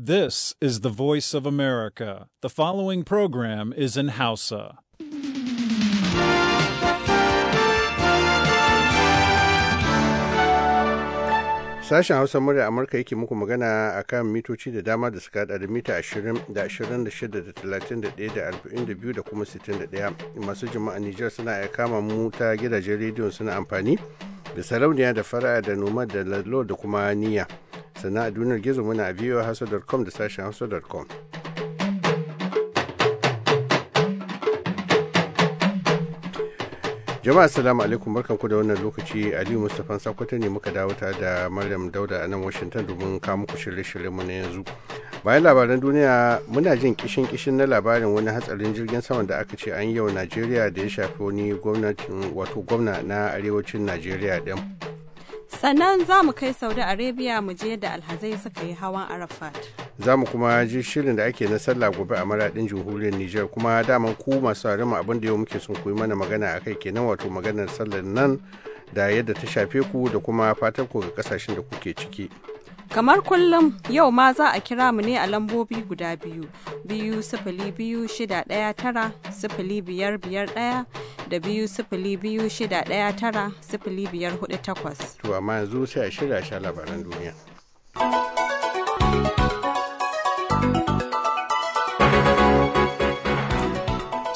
This is the voice of America. The following program is in Hausa. Sashen Hausa murya Amurka yake muku magana a kan mitoci da dama da suka da mita 20 da 26 da 31 da 42 da kuma 61. Masu jima'a Nijar suna iya kama mu ta gidajen rediyon suna amfani. da sarauniya da fara da noma da lalo da kuma niyya sannan a duniyar gizo muna a voahausa.com da sashen hausa.com jama'a assalamu alaikum ku da wannan lokaci aliyu mustapha sakwato ne muka dawo ta da maryam dauda a nan washinton domin kawo muku shirye mu na yanzu bayan labaran duniya muna jin kishin kishin na labarin wani hatsarin jirgin saman da aka ce an yau najeriya da ya shafi wani gwamnatin wato gwamna na arewacin najeriya din sannan za mu kai saudi arabia mu je da alhazai suka yi hawan arafat za mu kuma ji shirin da ake na sallah gobe a maradin jamhuriyar niger kuma daman ku masu harima abin da yau muke sun koyi mana magana akai kenan wato maganar sallar nan da yadda ta shafe ku da kuma fatar ku ga kasashen da kuke ciki Kamar kullum yau ma za a kira mu ne a lambobi guda biyu, biyu sifili biyu shida ɗaya tara sifili biyar biyar ɗaya da biyu sifili biyu shida ɗaya tara sifili biyar hudu takwas. To amma yanzu sai a shirya sha labaran duniya.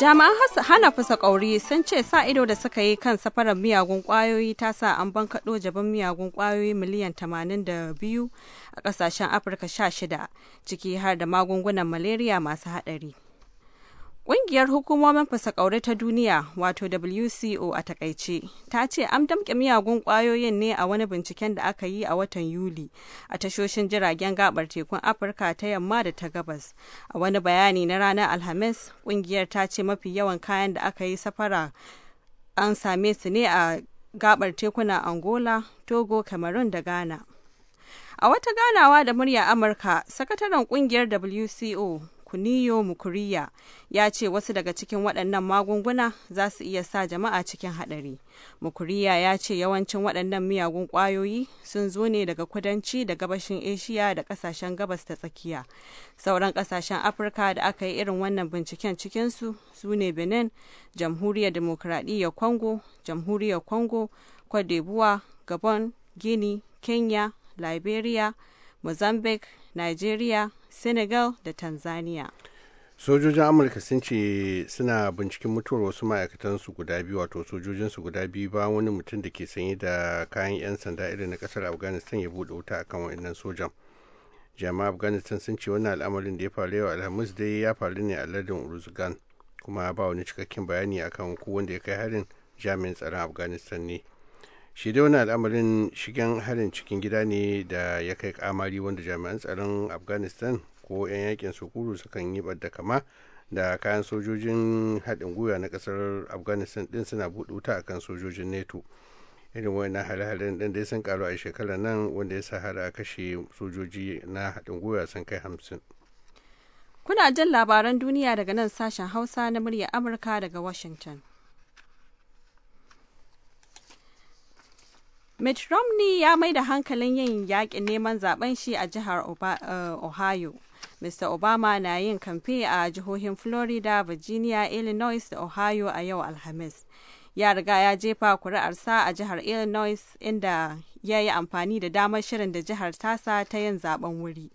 jami'an hana fasa kauri sun ce sa ido da suka yi kan safarar miyagun kwayoyi ta sa an bankaɗo jaban miyagun kwayoyi miliyan 82 a ƙasashen afirka 16 ciki har da magungunan malaria masu haɗari Ƙungiyar hukumomin fasakaure ta duniya wato WCO a takaice ta ce an damƙe miyagun ƙwayoyin ne a wani binciken da aka yi a watan Yuli a tashoshin jiragen gabar tekun Afirka ta yamma da ta gabas. A wani bayani na ranar Alhamis, ƙungiyar ta ce mafi yawan kayan da aka yi safara an same su ne a gabar tekuna Angola, Togo, Cameroon da Ghana. A wata ganawa da murya Amurka, sakataren ƙungiyar WCO Kuniyo Mukuriya ya ce wasu daga cikin waɗannan magunguna za su iya sa jama'a cikin haɗari. Mukuriya ya ce yawancin waɗannan miyagun ƙwayoyi sun zo ne daga kudanci da gabashin asia da ƙasashen gabas ta tsakiya. Sauran ƙasashen Afirka da aka yi irin wannan binciken cikinsu su ne Benin, Jamhuriyar demokradiyya kongo Jamhuriyar kongo Kwadebuwa, Gabon, Guinea, Kenya, Liberia, Mozambique, Nigeria, Senegal da Tanzania. Sojojin Amurka sun ce suna binciken mutuwar wasu ma'aikatansu guda biyu wato sojojinsu guda biyu ba wani mutum da ke sanye da kayan 'yan sanda irin na kasar Afghanistan ya buɗe wuta akan wa'annan sojan. jama'a afghanistan sun ce wannan al'amarin da ya faru yau alhamis dai ya faru ne a lardin uruzgan kuma ba wani cikakken bayani akan ko wanda ya kai harin jami'in tsaron afghanistan ne shi dai wani al'amarin shigen harin cikin gida ne da ya kai kamari wanda jami'an tsaron afghanistan ko 'yan yakin sukuru sukan yi da kama da kayan sojojin haɗin gwiwa na ƙasar afghanistan ɗin suna buɗe wuta akan sojojin neto irin wani hare-haren ɗin dai sun karu a shekarar nan wanda ya sa har a kashe sojoji na haɗin gwiwa sun kai hamsin kuna jin labaran duniya daga nan sashen hausa na murya amurka daga washington Mitt Romney ya mai da hankalin yin yakin neman zaben shi a jihar uh, Ohio. Mr. Obama na yin kamfe a jihohin Florida, Virginia, Illinois da Ohio a yau Alhamis. Ya riga ya jefa kuri'arsa a jihar Illinois inda ya yi amfani da damar shirin da jihar tasa ta yin zaben wuri.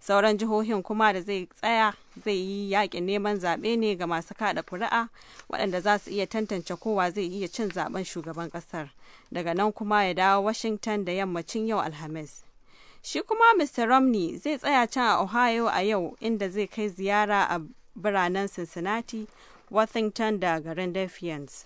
Sauran jihohin kuma da zai tsaya zai yi yakin neman zaɓe ne ga masu kaɗa kuri'a waɗanda za su iya tantance kowa zai iya cin zaben shugaban ƙasar. daga nan kuma ya dawo Washington da yammacin yau Alhamis. Shi kuma Mr. Romney zai tsaya can a Ohio a yau inda zai kai ziyara a biranen Cincinnati, Washington da garin Defiance.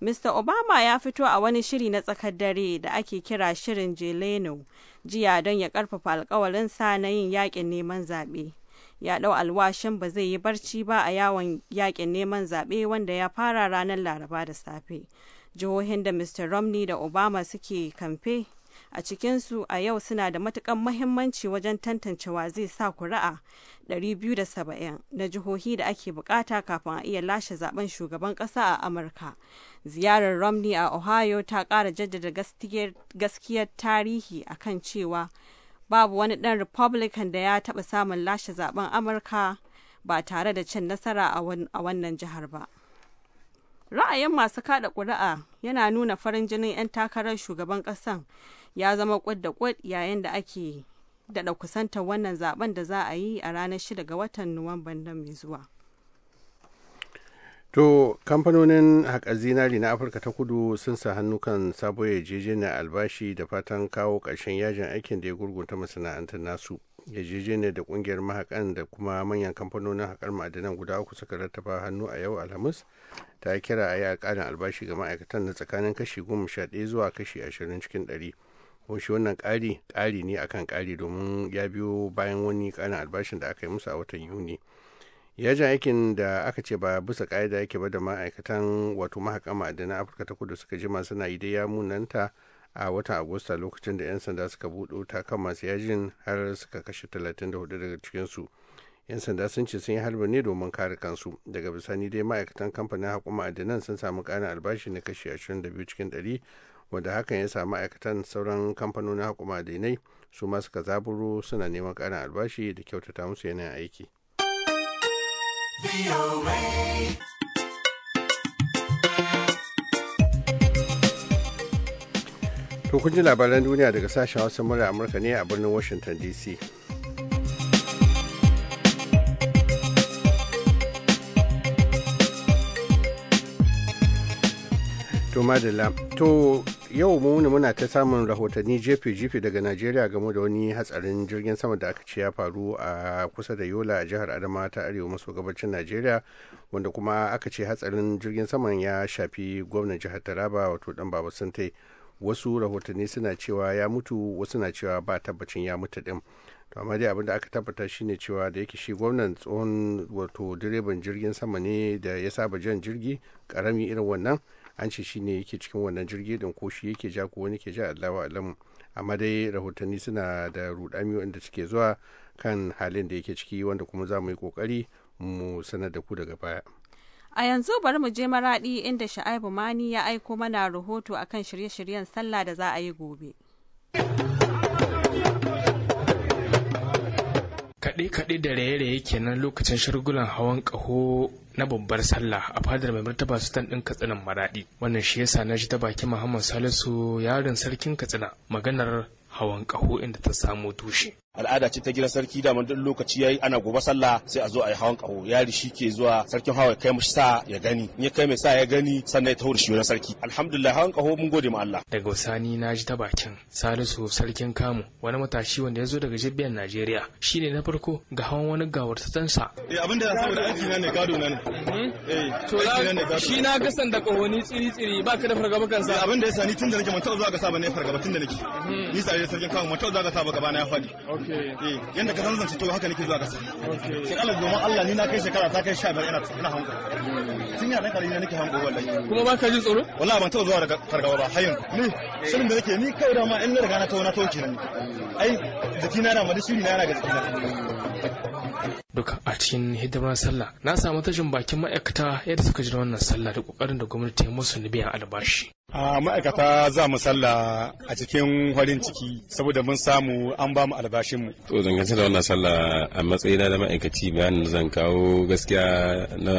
Mr. Obama ya fito a wani shiri na tsakar dare da ake kira shirin Jeleno jiya don ya karfafa alkawarinsa na yin yakin neman zaɓe. Ya ɗau alwashin ba zai yi barci ba a yawon yakin neman zaɓe wanda ya fara ranar Laraba da safe. jihohin da mr romney da obama suke kamfe a cikinsu a yau suna da matukan mahimmanci wajen tantancewa zai sa kuri'a 270 na jihohi da ake bukata kafin a iya lashe zaben shugaban kasa a amurka ziyarar romney a ohio ta kara jaddada gaskiyar tarihi a kan cewa babu wani dan republican da ya taba samun lashe zaben amurka ba tare da cin nasara a wannan jihar ba. Ra'ayin masu kada ƙuri'a yana nuna farin jinin 'yan takarar shugaban ƙasan ya zama kwad da kwad yayin da ake daɗa kusantar wannan zaben da za a yi a ranar 6 ga watan Nuwamban nan mai zuwa. To kamfanonin haƙar zinari na Afirka ta kudu sun sa hannu kan sabuwar yarjejeniyar albashi da fatan kawo ƙarshen yajin aikin da ya gurgunta masana'antar nasu. yarjejeniyar da kungiyar mahakan da kuma manyan kamfanonin hakar ma'adanan guda uku suka rattaba hannu a yau alhamis ta kira a yi alƙalin albashi ga ma'aikatan na tsakanin kashi goma sha ɗaya zuwa kashi ashirin cikin ɗari kuma shi wannan ƙari ƙari ne akan ƙari domin ya biyo bayan wani ƙarin albashin da aka yi musu a watan yuni yajin aikin da aka ce ba bisa ƙa'ida yake ba da ma'aikatan wato mahakan ma'adanan afirka ta kudu suka jima suna yi dai ya munanta a watan agusta lokacin da 'yan sanda suka buɗo kan masu yajin har suka kashe 34 daga cikinsu 'yan sanda sun ce sun yi harbin ne domin kare kansu daga bisani dai ma'aikatan kamfanin hakuma adinan sun samu ƙarin albashi na kashi 22 cikin 100 wanda hakan ya samu ma'aikatan sauran kamfanonin hakuma adinai su ma suka zaburo suna neman ƙarin albashi da kyautata musu yanayin aiki. To kun ji labaran duniya daga sashen Hausa murya Amurka ne a birnin Washington DC. To madalla, to yau muni muna ta samun rahotanni jefe-jefe daga Najeriya game da wani hatsarin jirgin sama da aka ce ya faru a kusa da Yola a jihar adama ta Arewa maso gabacin Najeriya wanda kuma aka ce hatsarin jirgin saman ya shafi gwamnan jihar Taraba wato dan Baba Santai wasu rahotanni suna cewa ya mutu wasu na cewa ba tabbacin ya mutu din to amma dai abin da aka tabbata shine cewa da yake shi gwamnan tsohon wato direban jirgin sama ne da ya saba jan jirgi karami irin wannan an ce shine yake cikin wannan jirgi din ko shi yake ja ko wani ke ja Allahu alamu amma dai rahotanni suna da rudami wanda suke zuwa kan halin da yake ciki wanda kuma za mu yi kokari mu sanar da ku daga baya. A yanzu bari mu je maraɗi inda Sha'aibu Mani ya aiko mana rahoto akan shirye-shiryen sallah da za a yi gobe. kaɗe-kaɗe da raye-raye kenan lokacin shirgulan hawan ƙaho na babbar sallah a fadar mai martaba sultan ɗin katsinan maraɗi wannan shi yasa na ji ta baki muhammad salisu yaron sarkin katsina maganar hawan ƙaho inda ta samo tushe al'ada ce ta gidan sarki da duk lokaci yayi ana gobe sallah sai a zo a yi hawan kaho yari shi ke zuwa sarkin hawa ya kai mishi sa ya gani in ya kai mai sa ya gani sannan ya da shi wurin sarki alhamdulillah hawan kaho mun gode ma Allah daga wasani na ji ta bakin Salisu sarkin kamu wani matashi wanda ya zo daga jibbiyar Najeriya shine na farko ga hawan wani gawar ta tansa eh abinda saboda aiki na ne gado na ne hmm? eh to shi na ga sanda ni tsiri tsiri ba ka da fargaba kansa eh, abinda ya sani tun da nake mun taɓa zuwa ga saba ne fargaba tun da nake hmm. ni sai sarkin kamu mun taɓa zuwa ga saba gaba na ya fadi Eh, yanda ka zanzance to haka nake zuwa gasa shekarar domin Allah ni na kai shekara ta kai 15 ina ina hango tun yana dan karami nake hango wallahi kuma ba ka jin tsoro wallahi ban taɓa zuwa daga fargaba ba hayin ni shirin da nake ni kawai da ma in na riga na tawo na tawo kenan ai jikina da madisuri na yana ga jikina duka a cikin hidimar sallah na samu tashin bakin ma'aikata yadda suka jira wannan sallah da kokarin da gwamnati musu na biyan albashi a ma'aikata za mu sallah a cikin farin ciki saboda mun samu an ba mu albashinmu to zan da wannan sallah a matsayina da ma'aikaci bayan zan kawo gaskiya na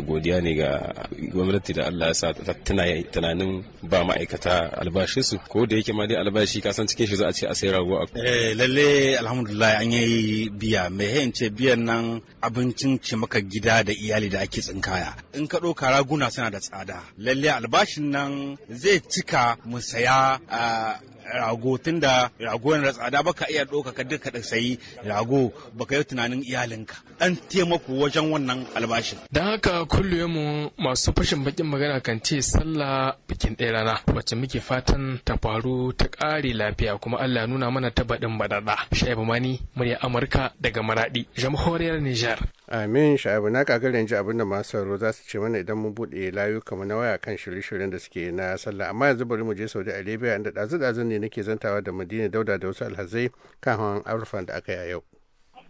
godiya ne ga gwamnati da Allah ya sa tana tunanin ba ma'aikata albashinsu ko da yake ma dai albashi ka san cikin shi za a ce a sai rago a eh, lalle alhamdulillah an yi biya me hayin ce biyan nan abincin ce maka gida da iyali da ake tsinkaya in ka doka raguna suna da tsada lalle albashin nan zai cika mu saya ah, rago tunda rago yana da tsada baka iya ɗauka ka duka da sayi rago baka yi tunanin iyalinka dan taimako wajen wannan albashin dan haka kullum masu fashin bakin magana kan ce sallah bikin ɗaya rana wacce muke fatan ta faru ta ƙare lafiya kuma Allah nuna mana ta baɗin baɗaɗa shaibu mani murya Amurka daga Maraɗi jamhuriyar Nijar Amin sha'abu na kakar yanzu abin da masu sauro za su ce mana idan mun buɗe layuka na waya kan shirye-shiryen da suke na sallah amma yanzu bari mu je Saudi Arabia inda ɗazu-ɗazun ne nake zantawa da Madina Dauda da wasu alhazai kan hawan arafat da aka yi a yau.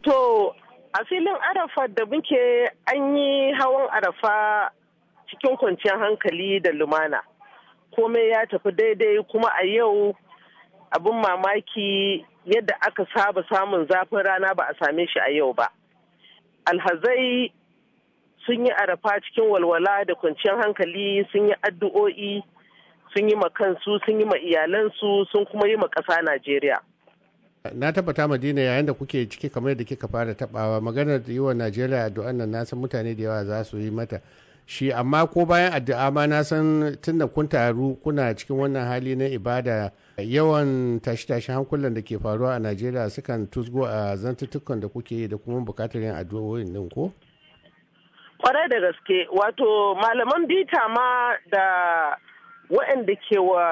To a filin Arafa da muke an yi hawan Arafa cikin kwanciyar hankali da lumana. Komai ya tafi daidai kuma a yau abin mamaki yadda aka saba samun zafin rana ba a same shi a yau ba. alhazai sun yi arafa cikin walwala da kwanciyar hankali sun yi addu'o'i sun yi makansu sun yi ma iyalansu sun kuma yi ma ƙasa najeriya na tabbata madina yayin da kuke ciki kamar da kika fara tabawa maganar yi najeriya addu'an nan na san mutane da yawa za su yi mata shi amma ko bayan addu'a ma na san tunda kun taru kuna cikin wannan hali na ibada yawan tashi-tashi hankulan da ke faruwa a najeriya sukan tusgo a zantuttukan da kuke yi da kuma bukatar yin addu'o'in din ko kwarai da gaske wato malaman bita ma da waɗanda ke wa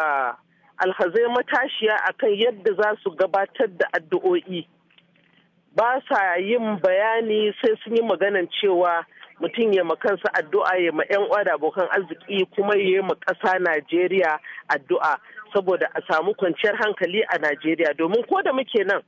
alhazai matashiya akan yadda za su gabatar da addu'o'i ba sa yin bayani sai sun yi maganan cewa mutum ya ma kansa addu'a ya ma 'yan uwa da abokan arziki kuma ya ma ƙasa Najeriya addu'a saboda a samu kwanciyar hankali a Najeriya domin ko da muke nan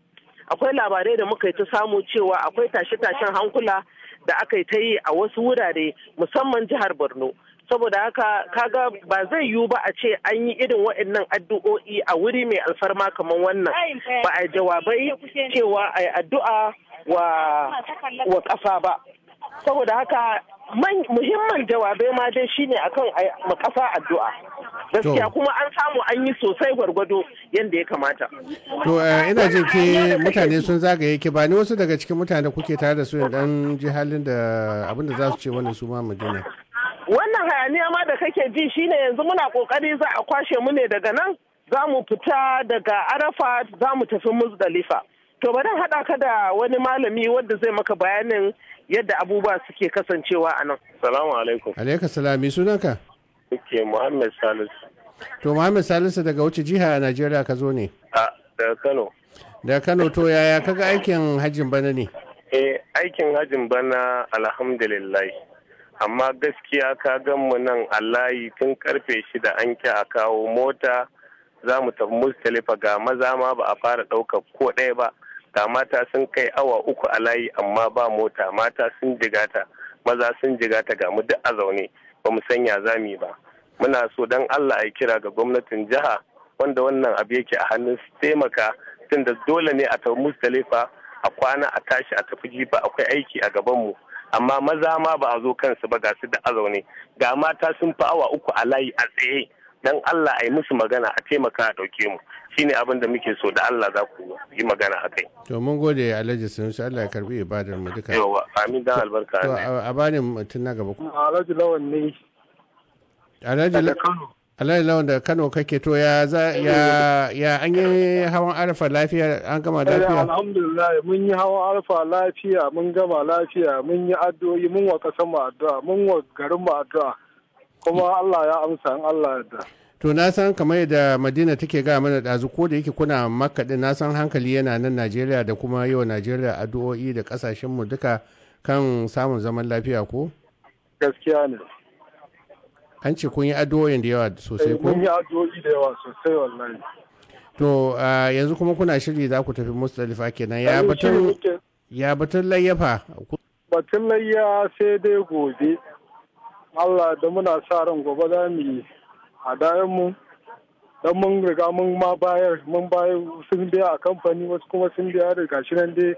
akwai labarai da muka yi ta samu cewa akwai tashe-tashen hankula da aka yi ta yi a wasu wurare musamman jihar Borno. saboda haka kaga ba zai yiwu ba a ce an yi irin waɗannan addu'o'i a wuri mai alfarma kamar wannan ba a jawabai cewa a addu'a wa ƙasa ba saboda haka muhimman jawabai ma dai shine akan kasa addu'a gaskiya kuma an samu an yi sosai gwargwado yadda ya kamata to eh, ina jin ke mutane sun zagaye ke ba ni wasu daga cikin mutane kuke tare da su dan ji halin da abin da za su ce wannan su ma madina wannan hayaniya ma da kake ji shine yanzu muna kokari za a kwashe mu ne daga nan za mu fita daga arafa za mu tafi muzdalifa to bari haɗa ka da wani malami wanda zai maka bayanin yadda abubuwa suke kasancewa a nan. Salamu alaikum. Alaikum salami sunanka? Ke Muhammad Salisu. To Muhammad Salisu daga wuce jiha a Najeriya ka zo ne? A daga Kano. Da Kano to yaya kaga aikin hajjin bana ne? Eh aikin hajjin bana alhamdulillah. Amma gaskiya ka gan mu nan a layi tun karfe shida an ki a kawo mota za mu tafi Mustalifa ga maza ma ba a fara ɗaukar ko ɗaya ba. ga mata sun kai awa uku a layi amma ba mota mata sun jigata maza sun jigata ga mu duk a zaune ba mu sanya zami ba muna so dan allah ya kira ga gwamnatin jiha wanda wannan abu yake a hannun su taimaka tunda dole ne a tafi mustalifa a kwana a tashi a tafi jifa akwai aiki a gaban mu amma maza ma ba a zo kansu ba ga su da azaune zaune ga mata sun fi awa uku a layi a tsaye dan allah a yi musu magana a taimaka a ɗauke mu shine abin da muke so da Allah za ku yi magana a kai. To mun gode Alhaji Sanusi Allah ya karbi ibadar mu duka. Yawa amin dan albarka. To a bani tun na gaba. Alhaji Lawan ne. Alhaji Kano. Alhaji Lawan da Kano kake to ya za ya ya an yi hawan arfa lafiya an gama eh, lafiya. Alhamdulillah mun yi hawan arfa lafiya mun gama lafiya mun yi addu'o'i mun wa kasan mu addu'a mun wa garin mu addu'a kuma Allah ya amsa in Allah ya yarda. to na san kamar yadda madina take ga mana ɗazu ko da yake kuna makaɗin na san hankali yana nan najeriya da kuma yau najeriya addu'o'i da ƙasashenmu duka kan samun zaman lafiya ko gaskiya ne an ce kun yi addu'o'in da yawa sosai ko eh, yi addu'o'i da yawa sosai wallahi to yanzu kuma kuna shiri za ku tafi mustalifa kenan ya batun ya batun layyafa batun layya sai dai gobe Allah da muna sa ran gobe za mu yi hadayenmu dan mun riga mun ma bayar mun bayar sun biya a kamfani wasu kuma sun biya da gashi nan dai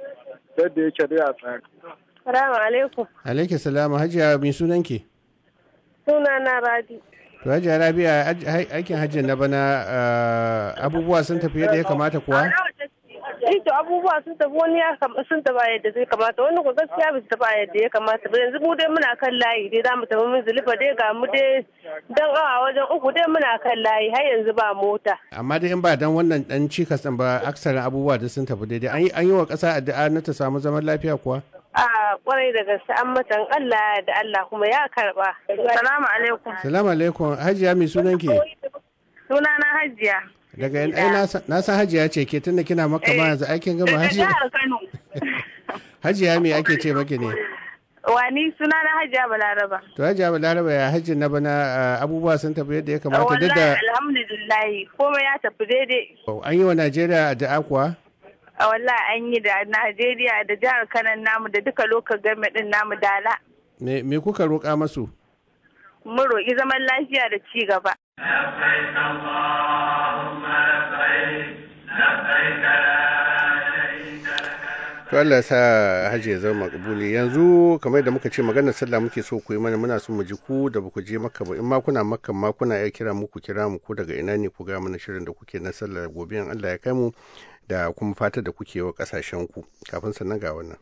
yadda yake dai a tsari. Salamu alaikum. Alaikum salamu hajiya mai sunan ke? Sunana Rabi. To hajiya Rabi aikin hajji na bana abubuwa sun tafi yadda ya kamata kuwa? eh to abubuwa sun tafi wani ya sun tafi yadda zai kamata wani ko gaskiya ba tafi yadda ya kamata ba yanzu mu dai muna kan layi dai zamu tafi mun zulufa dai ga mu dai dan awa wajen uku dai muna kan layi har yanzu ba mota amma dai in ba dan wannan dan cikas din ba aksarin abubuwa da sun tafi daidai an yi an yi wa kasa addu'a na ta samu zaman lafiya kuwa a kwarai da gaske an matan Allah da Allah kuma ya karba salamu alaikum salamu alaikum hajiya mai sunan ke sunana hajiya daga yan ai na san hajiya ce ke tunda kina maka ba eh, yanzu aikin gama hajiya hajiya me ake ce maki ne wani suna na hajiya balaraba to hajiya balaraba ya hajji na bana abubuwa sun tafi yadda ya kamata duk da alhamdulillah komai ya tafi daidai oh, an yi wa najeriya da kuwa a wallahi an yi da najeriya da jihar kanan namu da duka lokacin game din namu dala me kuka roƙa masu mun roƙi zaman lafiya da ci gaba to Allah ya sa haji ya zama makabuli yanzu kamar da muka ce maganar sallah muke so ku yi mana muna so mu ji ku da ku je makka ba in ma kuna makka ma kuna ya kira muku kira mu ko daga ina ne ku ga mana shirin da kuke na sallah gobe in Allah ya kai mu da kuma fata da kuke wa kasashen ku kafin sannan ga wannan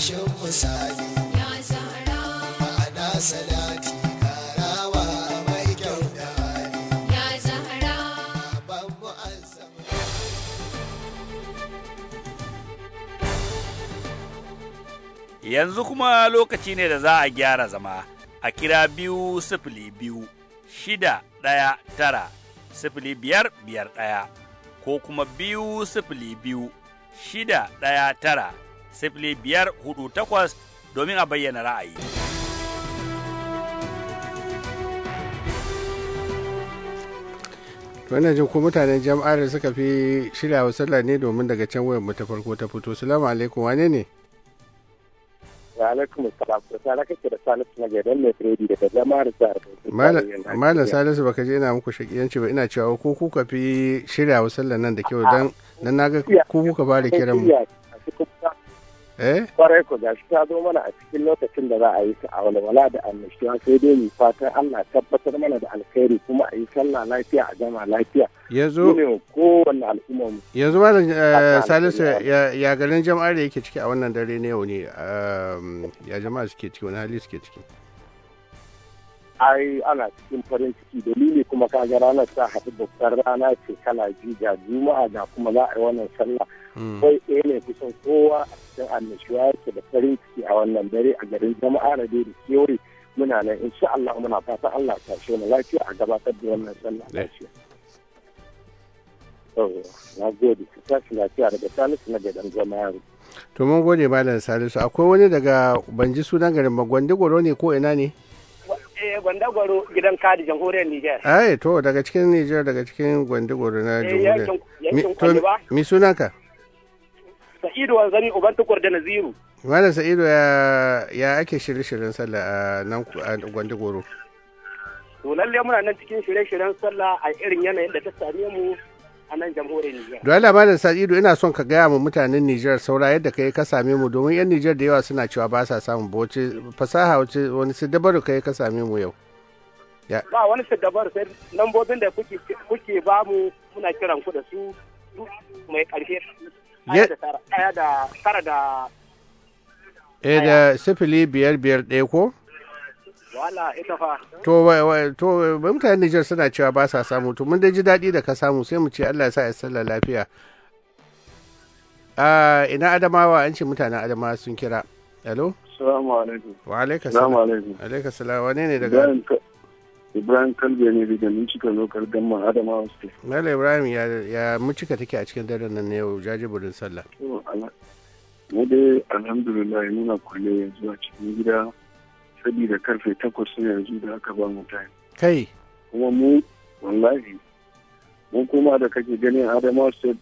misali ma'ana salati karawa mai kyau ya zahara mu'azzam yanzu kuma lokaci ne da za a gyara zama a kira biyu sifili biyu shida ɗaya tara sifili biyar biyar ɗaya ko kuma biyu sifili biyu shida ɗaya tara sifili biyar hudu takwas domin a bayyana ra'ayi. wannan jin ko mutanen jam'ar suka fi shirya wa sallah ne domin daga can wayar mu ta farko ta fito salamu alaikum wane ne wa alaikum salam da sala kake da salisu na gidan mai biredi daga jama'ar jihar malam salisu baka je ina muku shakiyanci ba ina cewa ko kuka fi shirya wa sallah nan da kyau dan na ga ku kuka fara kiran mu Eh? kwarai ku gashi ta zo mana a cikin lokacin da za a yi ta a walwala da annashuwa sai dai mu fatan Allah tabbatar mana da alkhairi kuma a yi sallah lafiya a gama lafiya yanzu ne kowanne al'umma mu yanzu malam eh, Salisu ya garin jama'ar da yake ciki a wannan dare ne yau ne ya jama'a suke ciki wani hali suke ciki ai ana cikin farin ciki dalili kuma ga ranar ta haɗu babbar rana ce kala ji ga juma'a ga kuma za a yi wannan sallah Hmm. kai ɗaya ne kusan kowa a cikin annashuwa yake da farin ciki a wannan dare a garin jama'a da da kewaye muna nan insha Allah muna fata Allah ya tashe mu lafiya a gabatar da wannan sallah eh. lafiya. Na gode, ku tashi lafiya daga Salisu na gadan jama'a. To mun gode Malam Salisu, akwai wani daga banji sunan garin Magwandigoro ne ko ina ne? Eh, Gwandagwaro gidan kadi jamhuriyar Nijar. Ai, to daga cikin Nijar daga cikin Gwandagwaro na eh, jamhuriyar. Mi sunanka? Sa'idu wa Wanzami Uban Tukur da Naziru. Malam Sa'idu ya ya ake shirye-shiryen sallah a nan Gwandagoro. To lalle muna nan cikin shirye-shiryen sallah a irin yanayin da ta same mu a nan jamhuriyar Nijar. Dole Malam Sa'idu ina son ka gaya ma mutanen Nijar saura yadda kai ka same mu domin 'yan Nijar da yawa suna cewa ba sa samun boce fasaha wace wani su dabaru kai ka same mu yau. Ba wani su dabaru sai lambobin da kuke ba mu muna kiran ku da su mai ƙarfi Ɗaya da E da sifili biyar biyar ɗaya ko? Wala ita fa. To, to mutanen Nijar suna cewa ba sa samu, to mun dai ji daɗi da ka samu sai mu ce Allah ya sa ya sallar lafiya. Ah, ina Adamawa an ce mutanen Adamawa sun kira. Hello? Salamu alaikum. Wa alaikum salam. Salamu alaikum. Alaikum Wane ne daga? ibrahim kalbe ne daga mincika lokar gama adama state mala ibrahim ya mincika take a cikin daren nan yau jajiburin sallah mu dai alhamdulillah muna kulle yanzu a cikin gida sabida karfe takwas sun yanzu da aka ba mu time kai kuma mu wallahi mun kuma da kake ganin adama state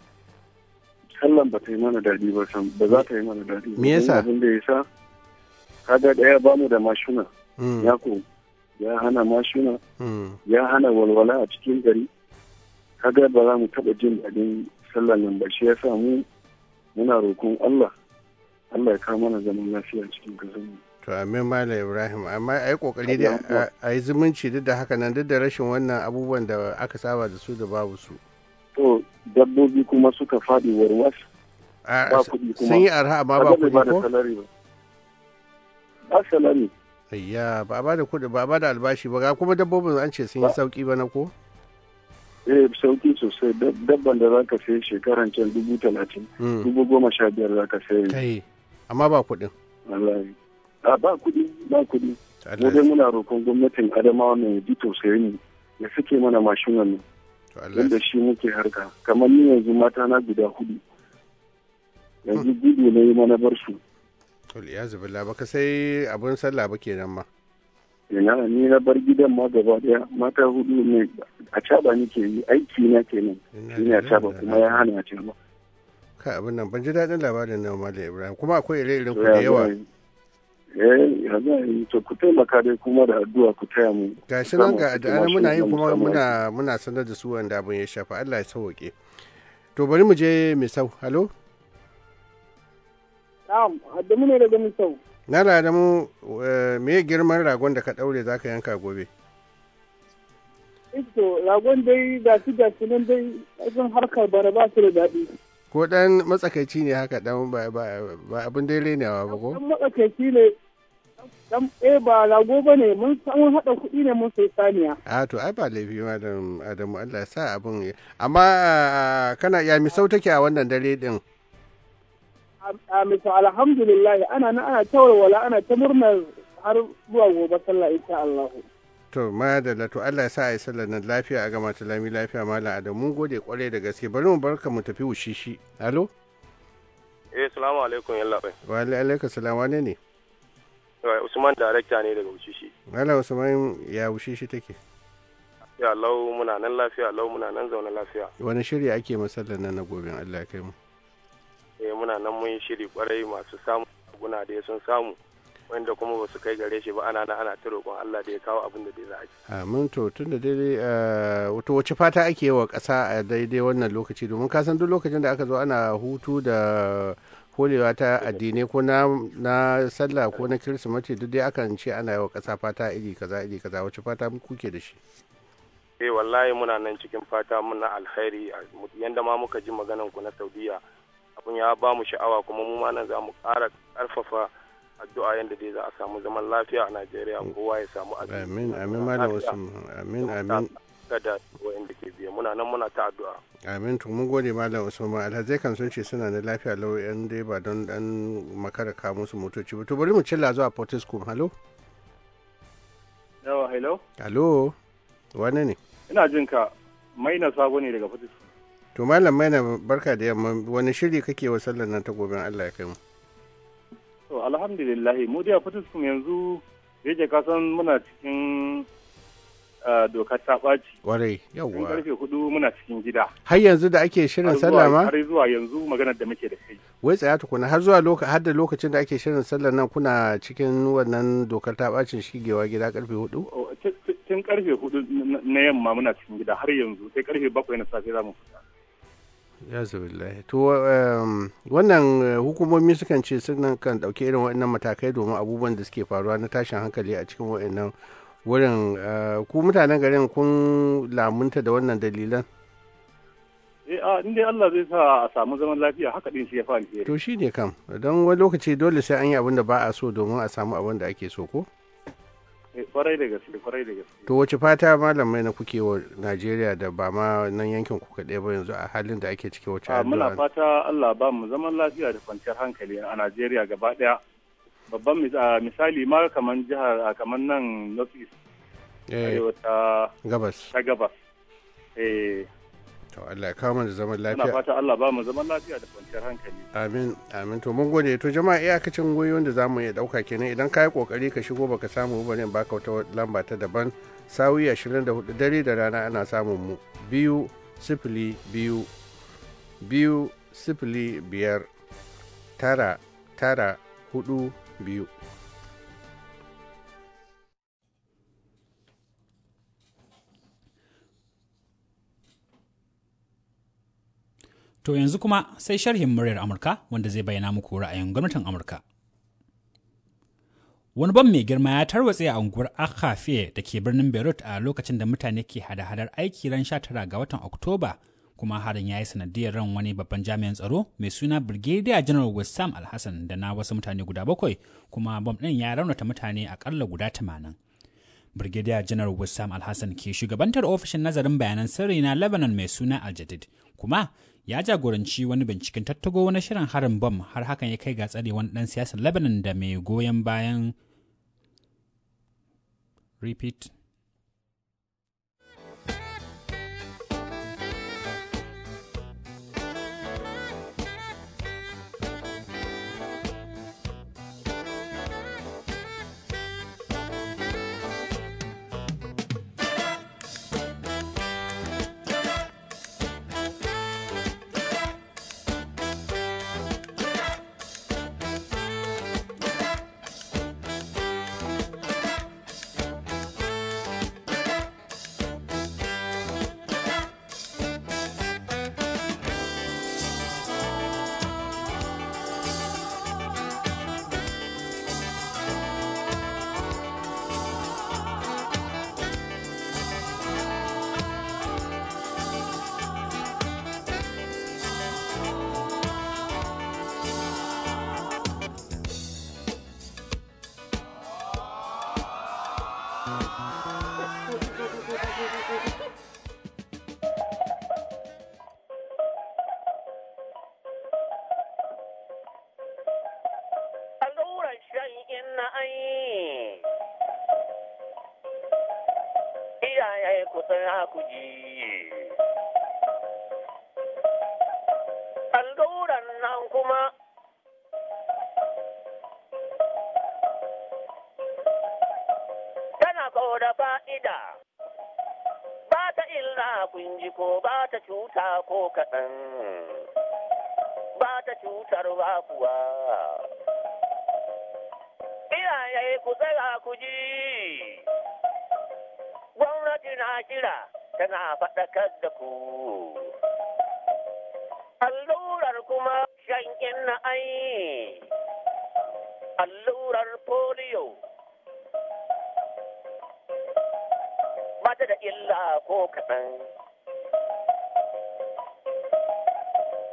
sallan ba ta yi mana daɗi ba san ba za ta yi mana daɗi me yasa abin da yasa kaga daya ba mu da mashina hmm. ya ko ya hana mashina hmm. ya hana walwala a cikin gari kaga ba za mu taɓa jin daɗin sallar nan ba shi ya sa mu muna roƙon Allah Allah ya kawo mana zaman lafiya cikin gazan mu to amin mala ibrahim amma ai kokari da a yi zumunci duk da haka nan duk da rashin wannan abubuwan da aka saba da su da babu su to dabbobi kuma suka fadi warwas ba kuɗi kuma sun yi arha amma ba kuɗi ko ba salari ayya ba a bada kudi ba a bada albashi ba ga kuma dabbobin an ce sun yi sauki ba na ko eh sauki sosai dabban da za ka sayi shekaran can dubu talatin hmm. dubu goma sha biyar za ka sayi amma ba kuɗin a ba kudi ba kudi mu dai muna roƙon gwamnatin adamawa mai bi tausayin ne ya suke mana mashin nan wanda shi muke harka kamar ni yanzu mata na guda hudu yanzu gudu na yi mana bar su Kul ya zubilla baka sai abun sallah ba kenan ma. Ina ni na bar gidan ma gaba daya mata hudu ne a caba ke yi aiki na kenan. Ina caba kuma ya hana caba. Ka abin nan ban ji daɗin labarin nan Malam Ibrahim kuma akwai ire-iren ku da yawa. eh to ku taimaka dai kuma da addu'a ku taya mu shi nan ga da muna yi kuma muna muna sanar da su wanda abin ya shafa Allah ya sauke to bari mu je misau halo Na'am, Adamu ne daga Misau. Na Adamu, eh, me girman ragon da ka daure za ka yanka gobe? Ito, eh, ragon dai ga su ga su nan dai ajin harkar bara ba su da daɗi. Ko ɗan matsakaici ne haka ɗan ba abin dai rai renawa ba ko? Ɗan matsakaici ne Ɗan eh ba rago ba ne mun san haɗa kuɗi ne mun sai saniya a to ai ba laifi madam adamu Allah ya sa abin amma kana ya misau take a wannan dare ɗin? amin alhamdulillah ana na ana ta walwala ana ta murna har zuwa gobe sallah insha Allah to madalla to Allah ya sa ai sallan sallar nan lafiya a gama ta lami lafiya Adam mun gode kware da gaske bari mu barka mu tafi wushishi alo eh assalamu alaikum yalla bai wa alaikum salam wane ne eh, Usman darekta ne daga wushishi Malam Usman ya wushishi take ya lau muna nan lafiya lau muna nan zauna lafiya wani shirya ake masallar nan na gobe Allah ya kai mu eh muna nan mun shiri kwarai masu samu guna da sun samu wanda kuma ba su kai gare shi ba ana nan ana ta roƙon Allah da ya kawo abin da za a ci. Amin to tun da dai eh, wato wace fata ake wa ƙasa a daidai wannan lokaci domin ka san duk lokacin da aka zo ana hutu da kolewa ta addinai ko na sallah ko na kirsimati duk dai akan ce ana yi wa ƙasa fata iri kaza iri kaza wace fata kuke da shi. Eh wallahi muna nan cikin fata muna alkhairi yanda ma muka ji maganan ku na Saudiya. abun ya ba mu sha'awa kuma mu ma nan za mu ƙara ƙarfafa addu'a yadda dai za a samu zaman lafiya a Najeriya kowa ya samu addu'a. Amin amin malam Usman amin amin. Kada inda ke biye muna nan muna ta addu'a. Amin to mun gode malam Usman alhazai kan sun ce suna da lafiya lau yan dai ba don dan makara ka musu motoci ba to bari mu cilla zuwa Port Harcourt hello. Yawa hello. Hello wane ne? Ina jin ka maina sabo ne daga Port to malam maina barka da yamma wani shiri kake wa sallar nan ta goben Allah ya kai mu to alhamdulillah mu dai a fatiskum yanzu yake ka san muna cikin doka ta ɓaci kwarai yawwa karfe hudu muna cikin gida har yanzu da ake shirin sallah ma har zuwa yanzu magana da muke da kai wai tsaya tukuna har zuwa lokaci har da lokacin da ake shirin sallar nan kuna cikin wannan dokar ta ɓacin shigewa gida karfe hudu oh, tun karfe hudu na yamma muna cikin gida har yanzu sai karfe bakwai na safe za mu fita ya zubillahi to um, wannan uh, hukumomi sukan ce sunan kan dauke irin waɗannan matakai domin abubuwan da suke faruwa na tashin hankali a cikin waɗannan wurin uh, ku mutanen garin kun lamunta da wannan dalilan eh dai Allah zai sa a samu zaman lafiya haka din shi ya faru to shi ne kam don wani lokaci dole sai an yi abin da ba a so domin a samu abin da ake so ko Eh, kwarai da gaske kwarai da gaske to wace fata malamai na kuke wa Najeriya da ba ma nan yankin ku kaɗai ba yanzu a halin da ake ciki wace muna fata Allah ba mu zaman lafiya da kwanciyar hankali a Najeriya gaba ɗaya babban misali ma kamar jihar kamar nan North East eh. ta gabas ta gabas eh. to Allah ya kawo mana zaman lafiya ina fata Allah ba mu zaman lafiya da kwanciyar hankali amin amin to mun gode to jama'a iyakacin wanda da mu iya ɗauka kenan idan ka yi kokari ka shigo baka samu ba ne baka wata lamba ta daban sawi 24 dare da rana ana samun mu biyu sifili biyu biyu sifili biyar tara tara hudu biyu To yanzu kuma sai sharhin muryar Amurka wanda zai bayyana muku ra'ayin gwamnatin Amurka. Wani bam mai girma ya tarwatse a unguwar Akhafiye da ke birnin Beirut a lokacin da mutane ke hada-hadar aiki ran sha tara ga watan Oktoba kuma harin ya yi sanadiyar ran wani babban jami'in tsaro mai suna Brigadier General Wissam Alhassan da na wasu mutane guda bakwai kuma bom ɗin ya raunata mutane akalla guda tamanin. Brigadier General Wissam Alhassan ke shugabantar ofishin nazarin bayanan sirri na Lebanon mai suna Aljadid, kuma ya jagoranci wani binciken tattago na shirin harin bom har hakan ya kai ga tsare wani dan siyasar Lebanon da mai goyon bayan repeat na'ai iyaye ku tsaya ku ji alluran nan kuma tana da fa'ida ba ta illa kun ji ko ba ta cuta ko kaɗan ba ta ba kuwa ya yi ku tsaya ku ji. Gwamnati na kira tana faɗakar da ku. Allurar kuma shankin na ai. Allurar polio. Bata da illa ko kaɗan.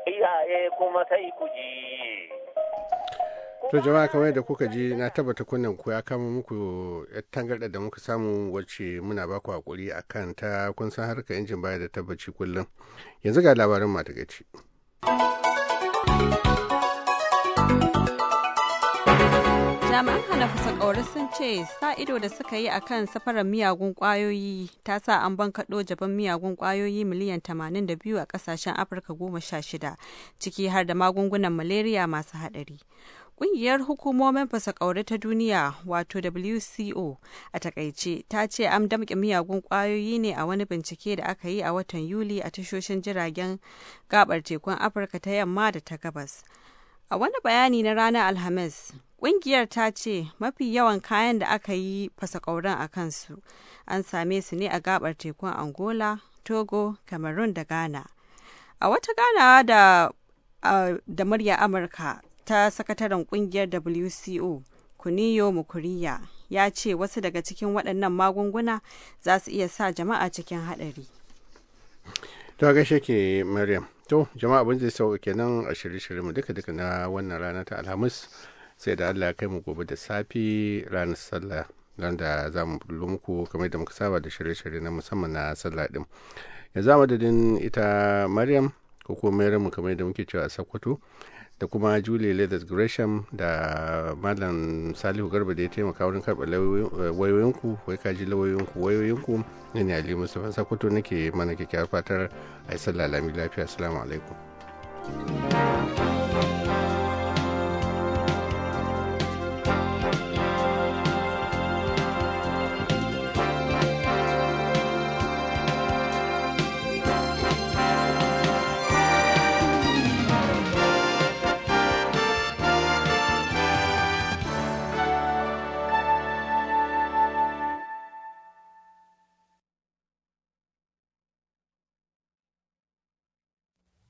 Iyaye kuma sai ku ji. to jama'a kamar da kuka ji na tabbata kunnen ku ya kama muku tangarɗa da muka samu wacce muna baku ku hakuri kan ta kun san harka injin baya da tabbaci kullum yanzu ga labarin matagaci. jami'an hana fasakauri sun ce sa ido da suka yi akan safarar miyagun kwayoyi ta sa an bankaɗo jaban miyagun kwayoyi miliyan 82 a ƙasashen afirka goma sha shida ciki har da magungunan malaria masu haɗari Ƙungiyar hukumomin fasa kauri ta duniya wato WCO a takaice ta ce an damƙe miyagun ƙwayoyi ne a wani bincike da aka yi a watan Yuli a tashoshin jiragen gabar tekun Afirka ta yamma da ta gabas. A wani bayani na ranar Alhamis, ƙungiyar ta ce mafi yawan kayan da aka yi fasa kauran a kansu an same su ne a gabar tekun Angola, Togo, Cameroon da Ghana. A wata ganawa da, uh, da murya Amurka, ta sakataren kungiyar WCO Kuniyo Mukuriya ya ce wasu daga cikin waɗannan magunguna za su iya sa jama'a cikin haɗari. To gaishe ke Maryam. To jama'a abin zai sauka kenan a shirye-shirye mu duka-duka na wannan rana ta Alhamis sai da Allah kai mu gobe da safi ranar sallah nan da za mu bullo muku kamar da muka saba da shirye-shirye na musamman na sallah din. Yanzu madadin ita Maryam ko kuma Maryam kamar da muke cewa a Sokoto. da kuma julie leathers gresham da malam salihu garba da ya taimaka wurin karɓa eh, wayoyinku wai kaji lauyoyinku wayoyinku ne ne ali musamman sakoto nake mana kyakkyawar fatar a yi sallah lami lafiya assalamu alaikum